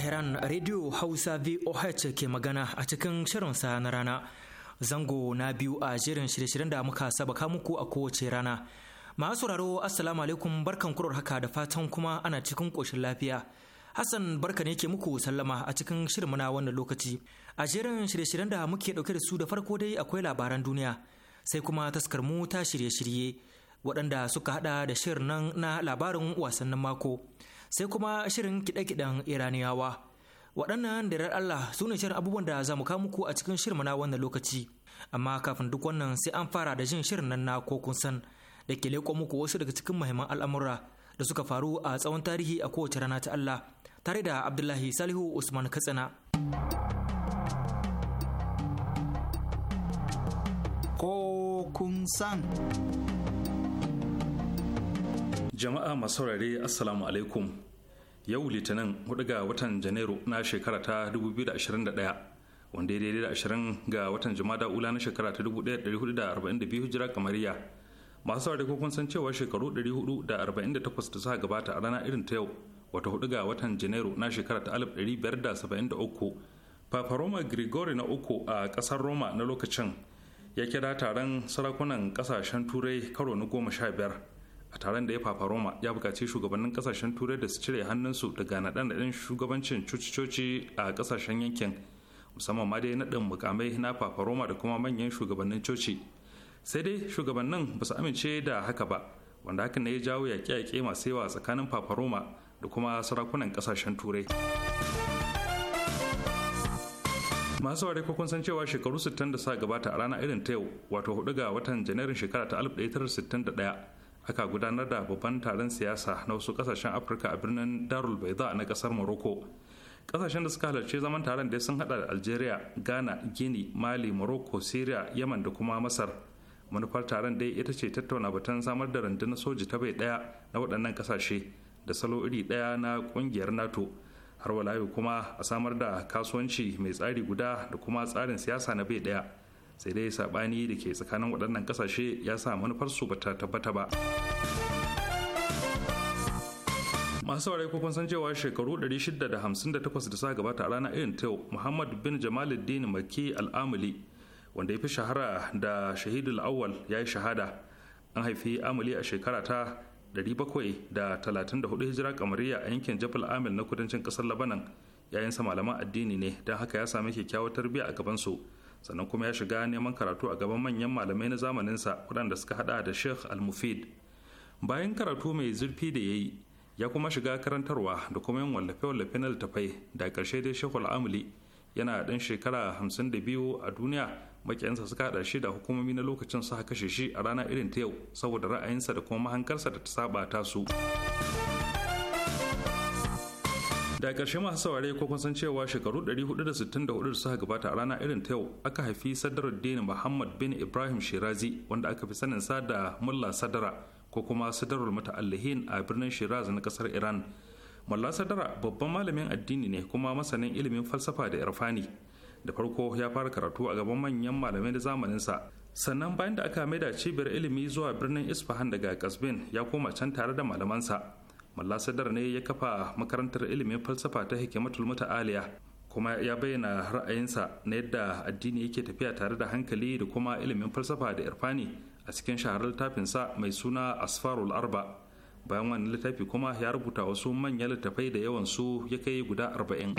Tehran Radio Hausa VOH ke magana a cikin shirinsa na rana. Zango na biyu a jerin shirye-shiryen da muka sabaka muku a kowace rana. Masu sauraro Assalamu alaikum barkan kurar haka da fatan kuma ana cikin ƙoshin lafiya. Hassan barka ne ke muku sallama a cikin shirin na wannan lokaci. A jerin shirye-shiryen da muke ɗauke da su da farko dai akwai labaran duniya sai kuma taskar mu ta shirye-shirye waɗanda suka haɗa da shirin nan na labarin wasannin mako. sai kuma shirin kiɗe-kiɗen iraniyawa waɗannan da Allah su ne shirin abubuwan da za mu kawo muku a cikin shirin na wannan lokaci amma kafin duk wannan sai an fara da jin shirin nan na ko kun san da ke leƙo muku wasu daga cikin muhimman al'amura da suka faru a tsawon tarihi a kowace rana ta Allah tare da Abdullahi Salihu Usman Katsina. Ko kun san. jama'a masu saurare assalamu alaikum yau litinin hudu ga watan janairu na shekara ta 2021 wanda ya daidai da 20 ga watan jama'a ula na shekara ta 1442 hijira kamariya masu saurare ko kun san cewa shekaru 448 da suka gabata a rana irin ta yau wata hudu ga watan janairu na shekara ta 1573 papa roma gregory na uku a kasar roma na lokacin ya kira taron sarakunan kasashen turai karo na goma sha biyar a taron da ya fafa roma ya bukaci shugabannin kasashen turai da su cire hannunsu daga naɗe-naɗen shugabancin cuci coci a kasashen yankin musamman ma dai naɗin mukamai na fafa roma da kuma manyan shugabannin coci sai dai shugabannin ba su amince da haka ba wanda hakan ne ya jawo yaƙe-yaƙe masu yawa tsakanin fafa roma da kuma sarakunan kasashen turai masu ware kun san cewa shekaru 60 da sa gabata a rana irin ta yau wato 4 ga watan janairun shekara ta 1961 aka gudanar da babban taron siyasa na wasu kasashen afirka a birnin darul baida na kasar morocco kasashen da suka halarci zaman taron da sun hada da algeria ghana gini mali morocco syria yaman da kuma masar manufar taron dai ita ce tattauna batun samar da rundunar soji ta bai daya na waɗannan kasashe da salo iri daya na kungiyar nato har walayu kuma a samar da kasuwanci mai tsari guda da kuma tsarin siyasa na bai daya sai dai sabani da ke tsakanin waɗannan ƙasashe ya sa manufar su bata tabbata ba masu saurari ko kun san cewa shekaru 658 da sa gabata a ranar irin ta muhammad bin jamaluddin maki al'amuli wanda ya fi shahara da shahidul awwal ya yi shahada an haifi amuli a shekara ta 734 hijira kamariya a yankin jabal amil na kudancin kasar labanan yayin sa malaman addini ne don haka ya sami kyakkyawar tarbiyya a gabansu su sannan kuma ya shiga neman karatu a gaban manyan malamai na zamaninsa waɗanda suka hada da sheikh al-mufid bayan karatu mai zurfi da ya yi ya kuma shiga karantarwa da kuma yin wallafe-wallafe na littafai da ƙarshe dai sheikh al-amuli yana ɗan shekara hamsin da biyu a duniya makiyansa suka haɗa shi da hukumomi na lokacin suka kashe shi a rana irin ta yau saboda ra'ayinsa da kuma mahankarsa da ta saba ta su. da ƙarshe masu saurare ko kun san cewa shekaru 464 da suka gabata a rana irin ta yau aka haifi sadarar dini muhammad bin ibrahim shirazi wanda aka fi sanin sa da mulla sadara ko kuma sadarul mata'allihin a birnin shiraz na kasar iran mulla sadara babban malamin addini ne kuma masanin ilimin falsafa da irfani da farko ya fara karatu a gaban manyan malamai da zamanin sa sannan bayan da aka maida cibiyar ilimi zuwa birnin isfahan daga kasbin ya koma can tare da malamansa malla sadar ne ya kafa makarantar ilimin falsafa ta hikimatul muta'aliya kuma ya bayyana ra'ayinsa na yadda addini yake tafiya tare da hankali da kuma ilimin falsafa da irfani a cikin shaharar littafinsa mai suna asfarul arba bayan wannan littafi kuma ya rubuta wasu manyan littafai da yawan su ya kai guda arba'in.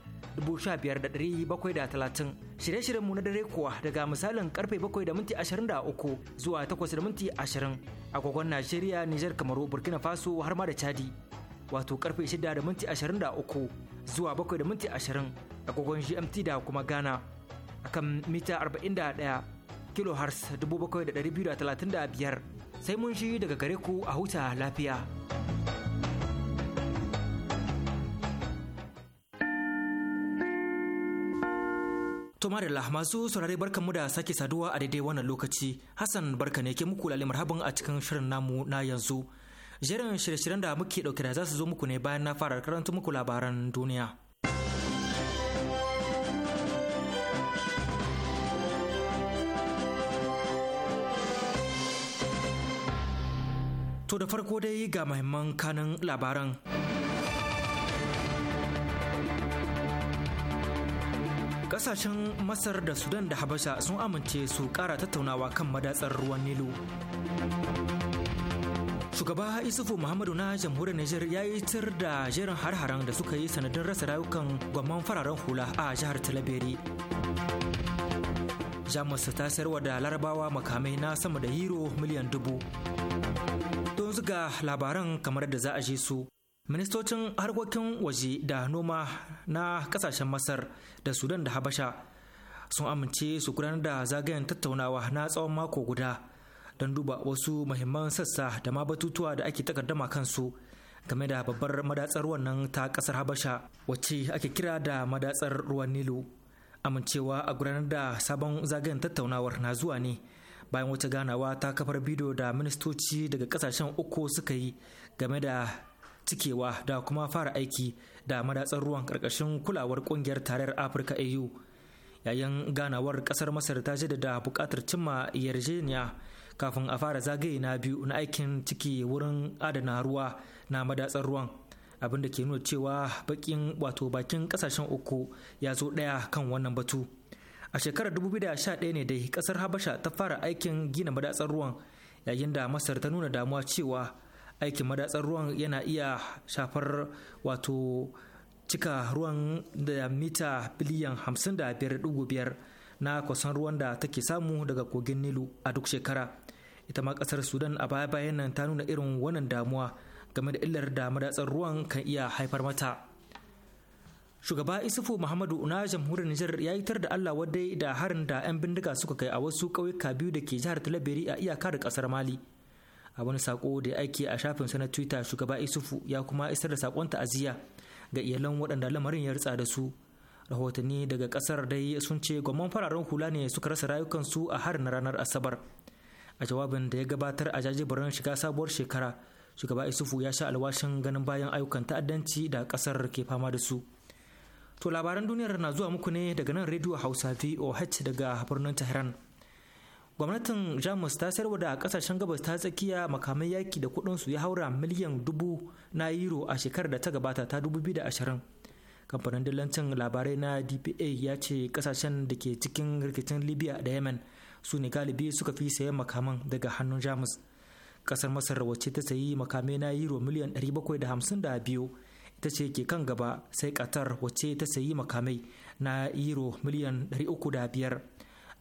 15730. Shirye-shiryenmu na dare kuwa daga misalin karfe 7:23 da minti zuwa 8:20 da minti Najeriya, Nijar, Kamaru, Burkina Faso har ma da Chadi. Wato karfe 6:23 da minti zuwa 7:20 a kogon GMT da kuma Ghana. kan mita 41 kilohertz 7235 sai mun shi daga gare ku a huta lafiya. To Marilla masu saurare barkan mu da sake saduwa a daidai wannan lokaci. Hassan barka ne ke muku lalle marhaban a cikin shirin namu na yanzu. Jerin shirye-shiryen da muke dauke da za su zo muku ne bayan na fara karanta muku labaran duniya. To da farko dai ga mahimman kanin labaran. Kasashen Masar da Sudan da Habasha sun amince su kara tattaunawa kan madatsar ruwan Nilu. Shugaba Isufu Muhammadu na jamhuriyar Niger ya yi tir da jerin har da suka yi sanadin rasa rayukan gwamman fararen hula a jihar Talabere. Jamus ta sayarwa da larabawa makamai na sama da hiro miliyan dubu. Don zuga labaran kamar da za a je su. ministocin harkokin waje da noma na kasashen masar da sudan da habasha sun amince su gudanar da zagayen tattaunawa na tsawon mako guda don duba wasu mahimman sassa da ma batutuwa da ake takardama kansu game da babbar madatsar wannan ta kasar habasha wacce ake kira da madatsar ruwan nilu amincewa a gudanar da sabon zagayen tattaunawar na zuwa ne bayan wata ganawa ta kafar bidiyo da ministoci daga kasashen uku suka yi game da cikewa da kuma fara aiki da madatsar ruwan karkashin kulawar kungiyar tarayyar afirka au yayin ganawar kasar masar ta jaddada bukatar cimma yarjejeniya kafin a fara zagaye na biyu na aikin ciki wurin adana ruwa na madatsar ruwan abinda ke nuna cewa bakin wato bakin kasashen uku ya zo daya kan wannan batu a shekarar 2011 ne dai kasar habasha ta fara aikin gina madatsar ruwan yayin da masar ta nuna damuwa cewa aikin madatsar ruwan yana iya shafar wato cika ruwan da mita biliyan 55.5 na kwasan ruwan da take samu daga kogin nilu a duk shekara ita ma kasar sudan a baya bayan nan ta nuna irin wannan damuwa game da illar da madatsar ruwan kan iya haifar mata shugaba isufu muhammadu na jamhuriyar nijar ya yitar da allah wadai da harin da 'yan bindiga suka kai a wasu kauyuka biyu da ke jihar talabiri a iyaka da kasar mali a wani sako da ya aiki a shafin sa na twitter shugaba isufu ya kuma isar da sakon ta'aziyya ga iyalan waɗanda lamarin ya ritsa da su rahotanni daga ƙasar dai sun ce gwamman fararen hula ne suka rasa rayukansu a harin ranar asabar a jawabin da ya gabatar a jajibirin shiga sabuwar shekara shugaba isufu ya sha alwashin ganin bayan ayyukan ta'addanci da ƙasar ke fama da su to labaran duniyar na zuwa muku ne daga nan rediyo hausa voh daga birnin tehran gwamnatin jamus ta sayarwa da kasashen gabas ta tsakiya makamai yaki da su ya haura miliyan dubu na euro a shekarar da ta gabata ta 2020 kamfanin dillancin labarai na dpa ya ce kasashen da ke cikin rikicin libya da yemen su ne galibi suka fi sayan makaman daga hannun jamus kasar masar wacce ta sayi makamai na euro miliyan biyu ita ce ke kan gaba sai qatar wacce ta sayi makamai na euro miliyan 305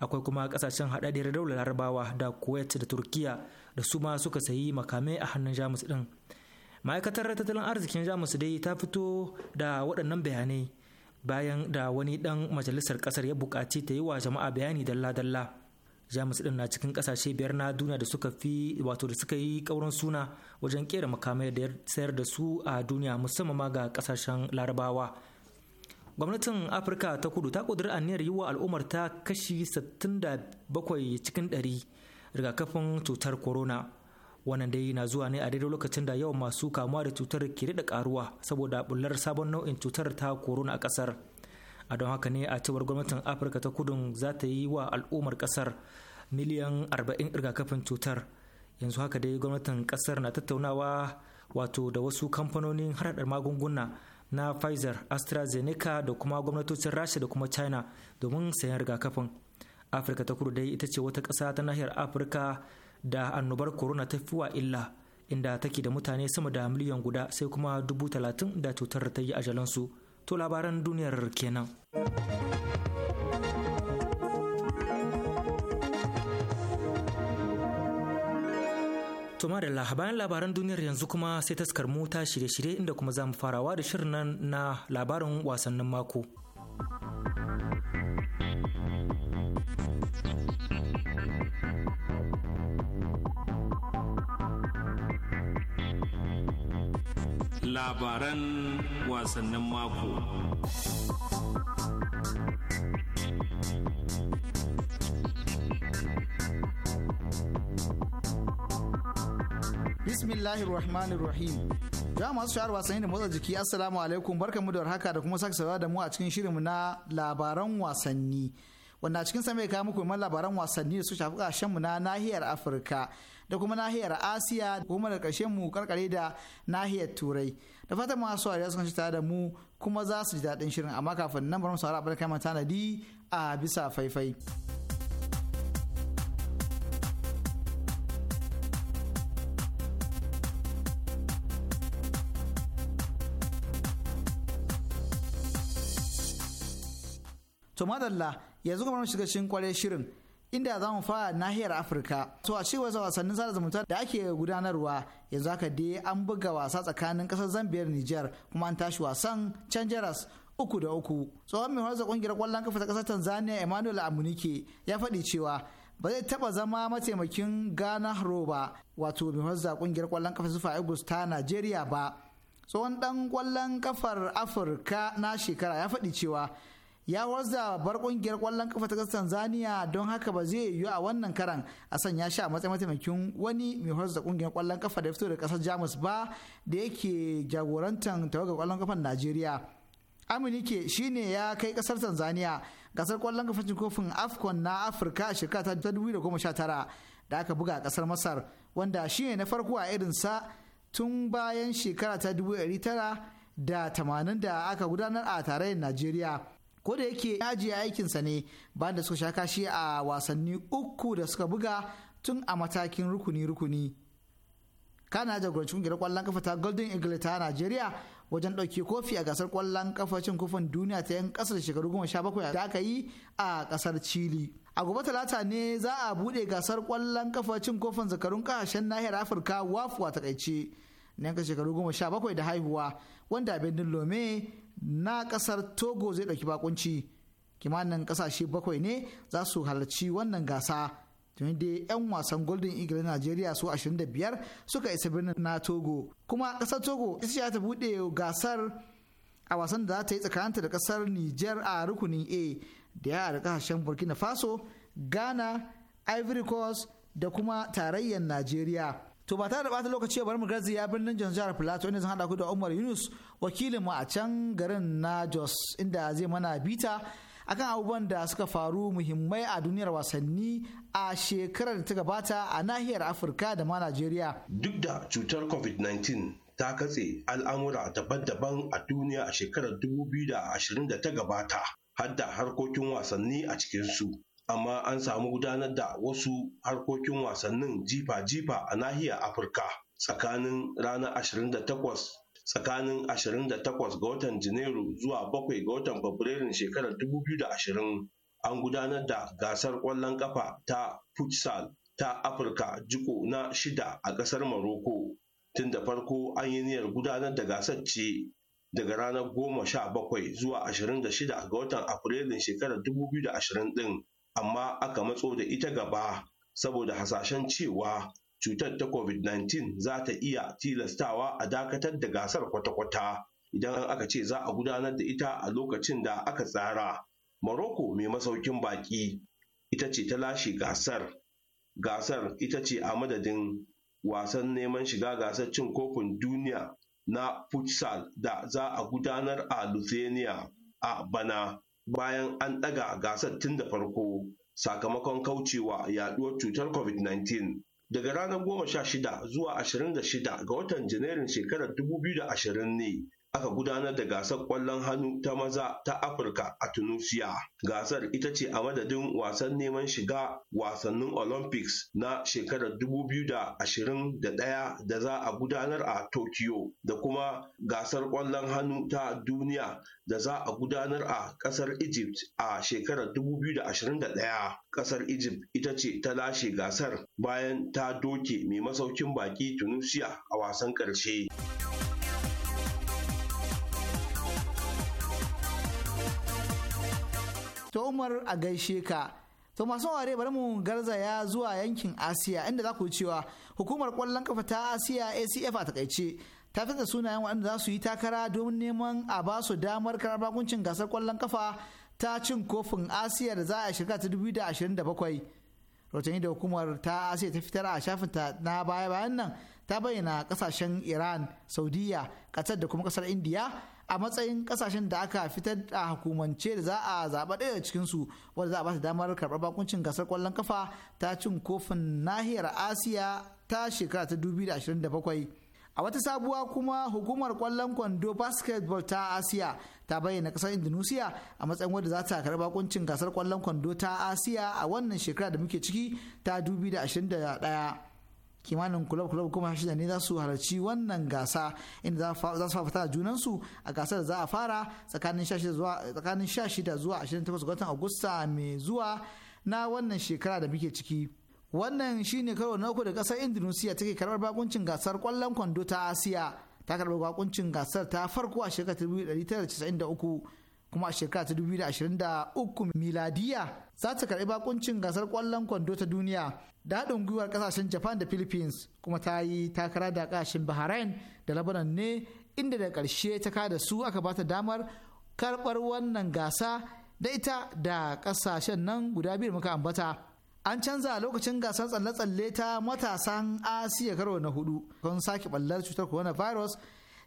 akwai kuma kasashen haɗaɗɗiyar daular larabawa da kuwait da turkiya da su ma suka sayi makamai a hannun jamus din ma'aikatar tattalin arzikin jamus dai ta fito da waɗannan bayanai bayan da wani ɗan majalisar ƙasar ya buƙaci ta yi wa jama'a bayani dalla-dalla jamus din na cikin kasashe biyar na duniya da suka fi wato da suka yi ƙaurin suna wajen kera makamai da sayar da su a duniya musamman ma ga kasashen larabawa gwamnatin afirka ta kudu ta ƙudiri aniyar yi wa al'ummar ta kashi 67 cikin 100 rigakafin cutar corona wannan dai na zuwa ne a daidai lokacin da yawan masu kamuwa da cutar ke da karuwa saboda bullar sabon nau'in cutar ta corona a kasar a don haka ne a cewar gwamnatin afirka ta kudu za ta yi wa al'ummar kasar miliyan 40 rigakafin cutar yanzu haka dai gwamnatin kasar na tattaunawa wato da wasu kamfanonin haɗaɗar magunguna na pfizer astrazeneca da kuma gwamnatocin rasha da kuma china domin sayan rigakafin afirka ta kudu dai ita ce wata ƙasa ta nahiyar afirka da annobar corona ta fi wa illa inda take da mutane sama da miliyan guda sai kuma dubu talatin da cutar ta yi ajalansu to labaran duniyar kenan To Marilla, bayan labaran duniyar yanzu kuma sai taskar mota ta shirye-shirye inda kuma za mu farawa da shirin nan na labarin wasannin mako. Labaran wasannin mako. bismillahir rahmanir rahim ja masu shahar wasanni da motsa jiki assalamu alaikum barkamu da warhaka da kuma sake sauwa da mu a cikin shirinmu na labaran wasanni wanda a cikin sa kawo muku man labaran wasanni da su shafi kashen mu na nahiyar afirka da kuma nahiyar asiya kuma da ƙarshen mu karkare da nahiyar turai da fatan masu wariya sun ci tare da mu kuma za su ji daɗin shirin amma kafin nan bari mu saurara abin kama tanadi a bisa faifai. To madalla yanzu kamar shiga cikin kware shirin inda za mu fara nahiyar Afirka. To a cewar wasannin sada zumunta da ake gudanarwa yanzu haka dai an buga wasa tsakanin kasar Zambia da Nijar kuma an tashi wasan canjaras uku da uku. Tsohon mai harza kungiyar kwallon kafa ta kasar Tanzania Emmanuel Amunike ya faɗi cewa ba zai taɓa zama mataimakin Ghana Roba wato mai harza kungiyar kwallon kafa Super Eagles ta Najeriya ba. Tsohon dan kwallon kafar Afirka na shekara ya faɗi cewa ya wanzu bar kungiyar kwallon kafa ta Tanzania don haka ba zai yiwu a wannan karan a sanya shi a matsayin mataimakin wani mai horar da kungiyar kwallon kafa da fito da kasar Jamus ba da yake jagorantar tawagar kwallon kafan Najeriya. Aminike shine ya kai kasar Tanzania gasar kwallon cikin kofin AFCON na Afirka a shekara ta 2019 da aka buga a kasar Masar wanda shine na farko a irin sa tun bayan shekara ta 1980 da aka gudanar a tarayyar Najeriya. ko da yake ya ajiye aikinsa ne ba da suka sha kashi a wasanni uku da suka buga tun a matakin rukuni-rukuni kana jagoranci kungiyar kwallon kafa ta golden eagle ta nigeria wajen ɗauke kofi a gasar kwallon kafa cin kofin duniya ta yan kasar shekaru goma sha bakwai da aka yi a kasar chile a gobe talata ne za a buɗe gasar kwallon kafa cin kofin zakarun kasashen nahiyar afirka wafuwa takaice na yanka shekaru goma sha bakwai da haihuwa wanda birnin lome na kasar togo zai ɗauki bakunci kimanin kasashe bakwai ne za su halarci wannan gasa tuni da 'yan wasan golden eagle nigeria su 25 suka isa birnin na togo kuma kasar togo ita ta buɗe gasar a wasan da za ta yi tsakaninta da kasar niger a rukunin a da ya da kasashen burkina faso ghana ivory coast da kuma tarayyar nigeria. To ba ta da bata lokaci bari mu ya birnin Jos jihar Plateau inda zan hada ku da Umar Yunus wakilin mu a can garin na Jos inda zai mana bita akan abubuwan da suka faru muhimmai a duniyar wasanni a shekarar da ta gabata a nahiyar Afirka da ma Najeriya. Duk da cutar COVID-19 ta katse al'amura daban-daban a duniya a shekarar 2020 da ta gabata, har harkokin wasanni a cikinsu. amma an samu gudanar da wasu harkokin wasannin jifa-jifa a nahiyar afirka tsakanin ranar 28 tsakanin 28 ga watan janairu zuwa 7 ga watan fabrairun shekarar 2020 an gudanar da gasar kwallon kafa ta futsal ta afirka jiko na shida a kasar maroko tun da farko an yi niyyar gudanar da gasar ce daga ranar goma sha bakwai zuwa ashirin da shida ga watan afrilun shekarar dubu biyu da ashirin ɗin amma aka matso da ita gaba saboda hasashen cewa cutar ta covid-19 za ta iya tilastawa a dakatar da gasar kwata-kwata idan aka ce za a gudanar da ita a lokacin da aka tsara Morocco mai masaukin baƙi ita ce ta lashe gasar gasar ita ce a madadin wasan neman shiga gasar cin kofin duniya na futsal da za a gudanar a Lithuania a bana bayan an ɗaga gasar tun da farko sakamakon kaucewa yaɗuwar cutar covid-19 daga ranar goma sha shida zuwa ashirin da shida ga watan janairun shekarar dubu biyu da ashirin ne aka gudanar da gasar ƙwallon hannu ta maza ta Afirka a Tunisia. Gasar ita ce a madadin wasan neman shiga wasannin Olympics na shekarar 2021 da za a gudanar a Tokyo da kuma gasar ƙwallon hannu ta duniya da za a gudanar a ƙasar Egypt a shekarar 2021. Ƙasar Egypt ita ce ta lashe gasar bayan ta doke mai masaukin baƙi Tunisia a wasan ƙarshe. to umar a gaishe ka to masu ware bari mu garzaya zuwa yankin asiya inda za ku cewa hukumar kwallon kafa ta asiya acf a takaice ta fita sunayen waɗanda za su yi takara domin neman a ba su damar karar bakuncin gasar kwallon kafa ta cin kofin asiya da za a shirka ta 2027 rahotanni da hukumar ta asiya ta fitar a shafinta na baya bayan nan ta bayyana kasashen iran saudiya qatar da kuma kasar indiya a matsayin kasashen da aka fitar a hukumance da za a zaɓa ɗaya daga cikinsu wanda za a ba su damar karɓar bakuncin gasar ƙwallon kafa ta cin kofin nahiyar asiya ta shekara ta 2027 a wata sabuwa kuma hukumar ƙwallon kwando basketball ta asiya ta bayyana ƙasar indonesia a matsayin wadda za ta karɓar bakuncin gasar ƙwallon kwando ta asiya a wannan shekara da muke ciki ta 2021 kimanin kulab-kulab kuma shida ne za su halarci wannan gasa inda za su fafata junansu a gasar da za a fara tsakanin 16 zuwa 28 watan agusta mai zuwa na wannan shekara da muke ciki wannan shine karo na uku da kasar indonesia take karbar bakuncin gasar kwallon kwando ta asiya ta karbar bakuncin gasar ta farko a shekarar 1993 kuma a shekara ta 2023 miladiya za ta karɓi bakuncin gasar kwallon kwando ta duniya da haɗin gwiwar ƙasashen japan da philippines kuma ta yi takara da ƙasashen bahrain da labanan ne inda da ƙarshe ta kada su aka bata damar karɓar wannan gasa da ita da ƙasashen nan guda biyu muka ambata an canza lokacin gasar tsalle-tsalle ta matasan asiya karo na hudu don sake ɓallar cutar coronavirus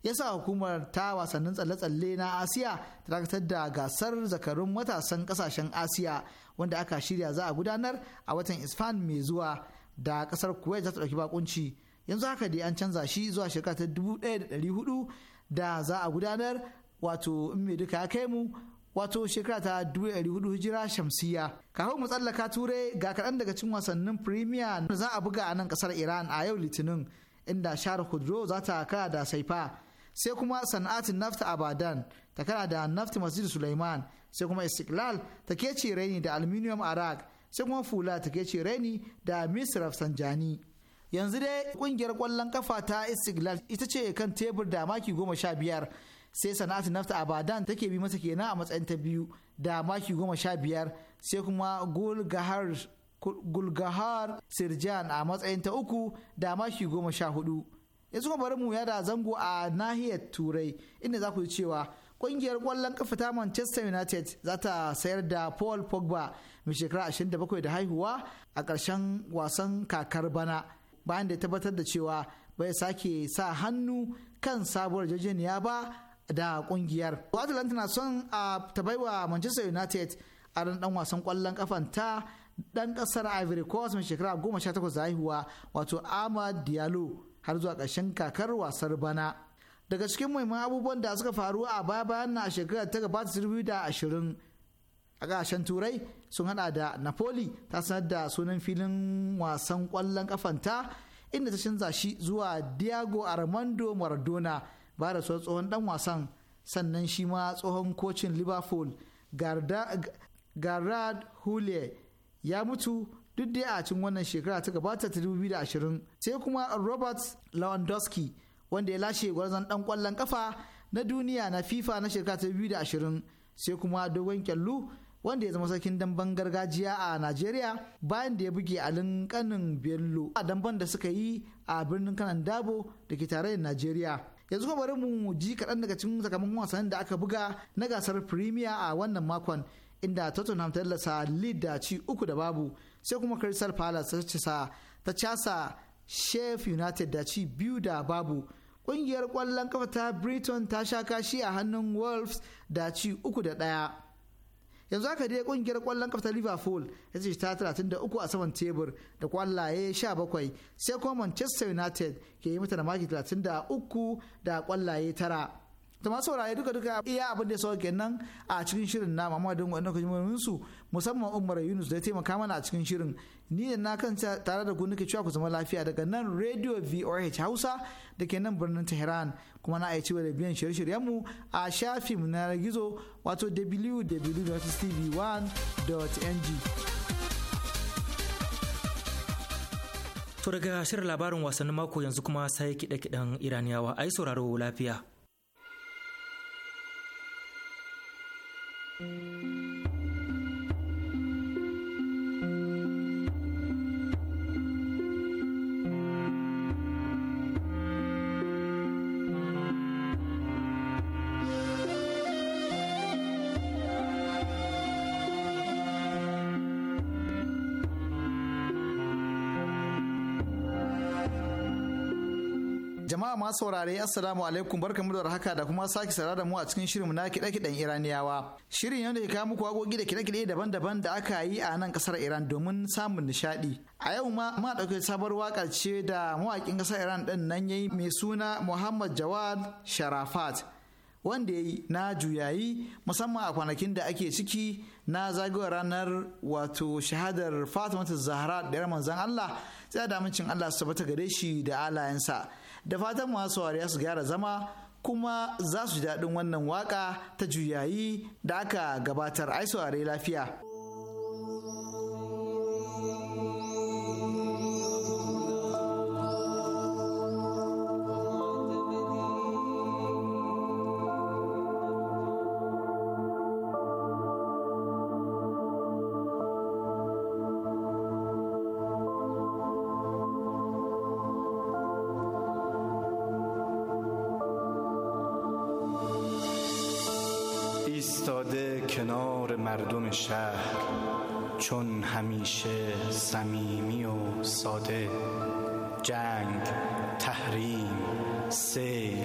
yasa hukumar ta wasannin tsalle-tsalle na asiya ta dakatar da gasar zakarun matasan kasashen asiya wanda aka shirya za a gudanar a watan isfan mai zuwa da kasar kuwait za ta ɗauki bakunci yanzu haka dai an canza shi zuwa shekara ta 1400 da za a gudanar wato in mai duka ya kai mu wato shekara ta 1400 hijira shamsiya kafin mu tsallaka turai ga kaɗan daga cikin wasannin premier da za a buga a nan ƙasar iran a yau litinin inda shara kudro za ta kara da saifa sai kuma sana'atin nafta abadan ta kana da nafti masjid suleiman sai kuma istiklal ta kece raini da aluminium arak sai kuma fula ta kece raini da misra sanjani yanzu dai kungiyar kwallon kafa ta istiklal ita ce kan tebur da maki goma sha biyar sai sana'atin nafta abadan take bi masa kenan a matsayin ta biyu da maki goma sha biyar sai kuma gulgahar gulgahar sirjan a matsayin ta uku da maki goma sha hudu ya kuma bari mu ya da zango a nahiyar turai inda za ku ji cewa kungiyar kwallon kafa ta manchester united za ta sayar da paul pogba mai shekara 27 da haihuwa a ƙarshen wasan kakar bana bayan da ya tabbatar da cewa bai sake sa hannu kan sabuwar jajeniya ba da kungiyar atalanta na son a tabaiwa manchester united a ran dan wasan kwallon kafan ta dan kasar ivory coast mai shekara 18 da haihuwa wato ahmad diallo har zuwa ƙarshen kakar wasar bana daga cikin muhimman abubuwan da suka faru a baya bayan na shekarar ta gabata da ashirin a ƙarshen turai sun hada da napoli ta sanar da sunan filin wasan ƙwallon kafanta inda ta canza shi zuwa diego armando maradona ba da tsohon dan wasan sannan shi ma tsohon kocin liverpool garda garad ya mutu duk dai a cikin wannan shekara ta gabata ta 2020 sai kuma robert lewandowski wanda ya lashe gwarzon dan kwallon kafa na duniya na fifa na shekara ta 2020 sai kuma dogon kyallu wanda ya zama sarkin damben gargajiya a nigeria bayan da ya buge alin kanin bello a damben da suka yi a birnin kanan dabo da ke tarayyar nigeria yanzu kuma bari mu ji kaɗan daga cikin sakamakon wasannin da aka buga na gasar premier a wannan makon inda tottenham ta lallasa lead da ci uku da babu sai kuma crystal palace ta casa shef united da ci biyu da babu kungiyar kwallon kafa ta britain ta sha kashi a hannun wolves da ci uku da ɗaya yanzu haka dai kungiyar kwallon kafa ta liverpool ya ce ta 33 a saman tebur da kwallaye 17 sai kuma manchester united ke yi mata da maki 33 da kwallaye tara ta masu saurare duka duka iya abin da sauke nan a cikin shirin na mamma don wani lokacin su musamman umar yunus da ya taimaka mana a cikin shirin ni da na kanta tare da ku cewa ku zama lafiya daga nan radio voh hausa da ke nan birnin tehran kuma na aici da biyan shirye-shiryenmu a shafin na gizo wato www.tv1.ng To daga shirin labarin wasannin mako yanzu kuma sai kiɗe-kiɗen Iraniyawa, ai sauraro lafiya. ma saurare assalamu alaikum barkamu da haka da kuma sake sara da mu a cikin shirin na kiɗe-kiɗen Iraniyawa. Shirin yau da ke muku agogi da kiɗe-kiɗe daban-daban da aka yi a nan kasar Iran domin samun nishaɗi. A yau ma ma ɗauke sabar waƙar ce da mawaƙin kasar Iran din nan yayi mai suna Muhammad Jawad Sharafat. Wanda ya yi na juyayi musamman a kwanakin da ake ciki na zagayowar ranar wato shahadar Fatimatu Zahra da yar manzon Allah tsaye da amincin Allah su tabbata gare shi da alayensa. da fatan masu wariya su gyara zama kuma za su ji daɗin wannan waka ta juyayi da aka gabatar ai saurare lafiya ایستاده کنار مردم شهر چون همیشه صمیمی و ساده جنگ تحریم سیل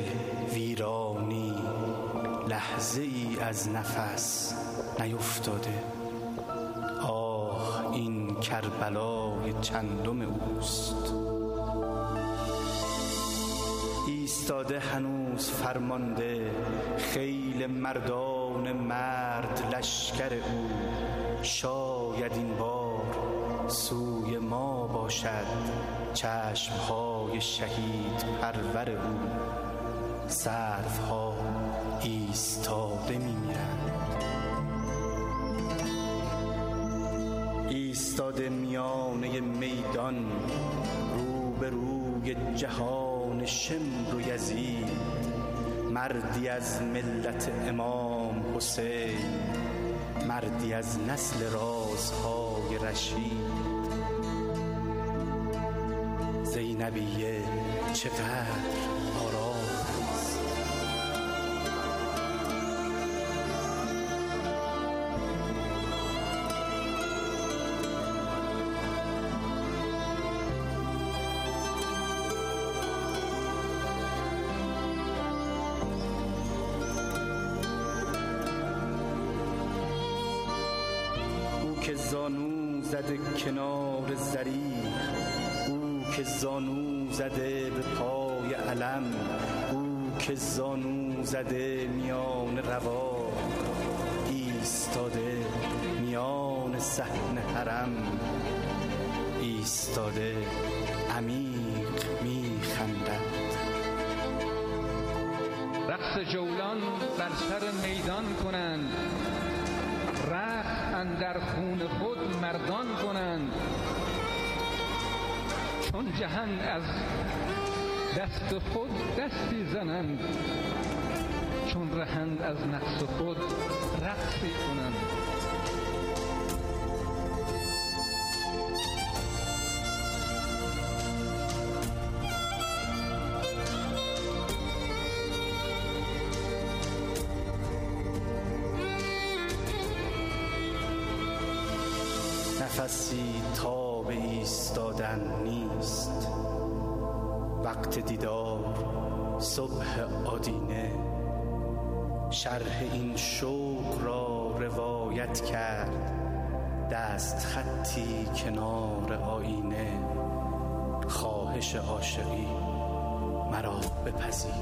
ویرانی لحظه ای از نفس نیفتاده آه این کربلای چندم اوست ایستاده هنوز فرمانده خیل مردان میان مرد لشکر او شاید این بار سوی ما باشد چشمهای شهید پرور او سرفها ایستاده میرند ایستاده میانه میدان رو روی جهان شمر و یزید مردی از ملت امام حسین مردی از نسل رازهای رشید زینبیه چقدر که زانو زده میان روا ایستاده میان صحن حرم ایستاده عمیق میخندد رقص جولان بر سر میدان کنند رخ اندر خون خود مردان کنند چون جهان از دست خود دستی زنند چون رهند از نفس خود رقصی کنند نفسی به ایستادن نیست وقت دیدار صبح آدینه شرح این شوق را روایت کرد دست خطی کنار آینه خواهش عاشقی مرا بپذیر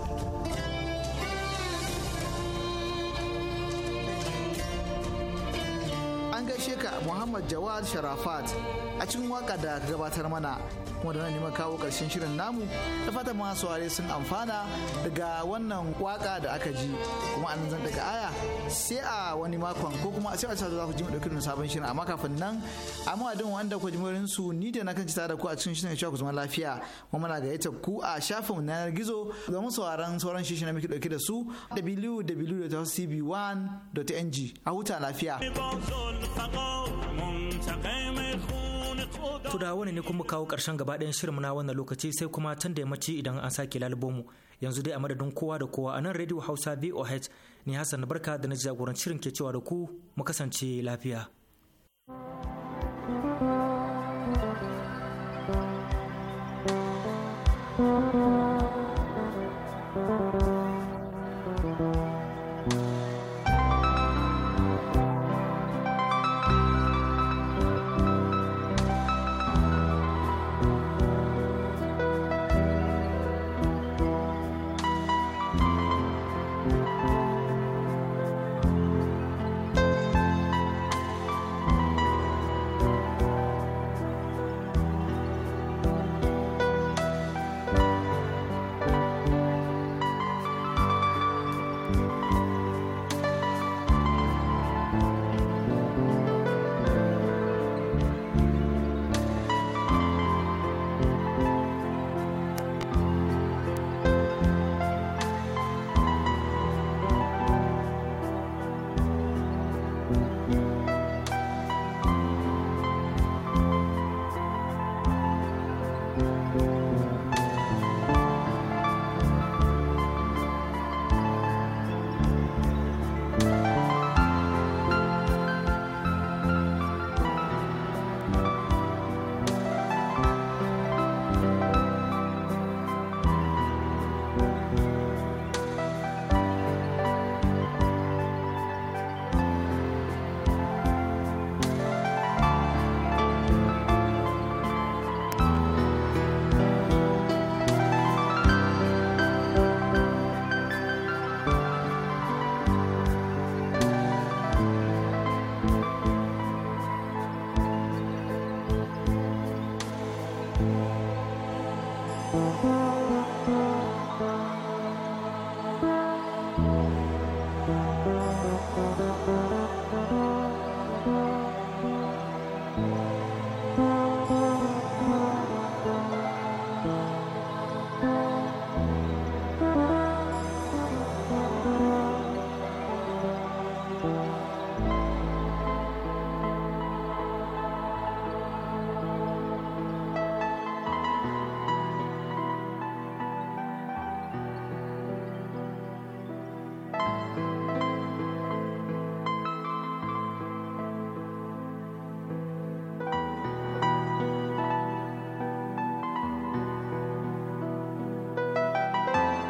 an gaishe ka Muhammad Jawad Sharafat a cikin waka da kuma da neman kawo karshen shirin namu da fata masu ware sun amfana daga wannan waka da aka ji kuma an zan daga aya sai a wani makon ko kuma sai a sa za ku ji mu dauki sabon shirin amma kafin nan a madadin wanda ku jimirin su ni da na kan tare da ku a cikin shirin ku zama lafiya kuma muna gayyata ku a shafin na yanar gizo mu sauraron sauran shirin na muke dauke da su www.cb1.ng a huta lafiya. To da wani ne kuma kawo ƙarshen gaba ɗayan shirin na wannan lokaci sai kuma can da yammaci idan an sake lalubo mu yanzu dai a madadin kowa da kowa a nan Radio Hausa VOH ne Hassan Barka da na jagoranci shirin ke cewa da ku mu kasance lafiya.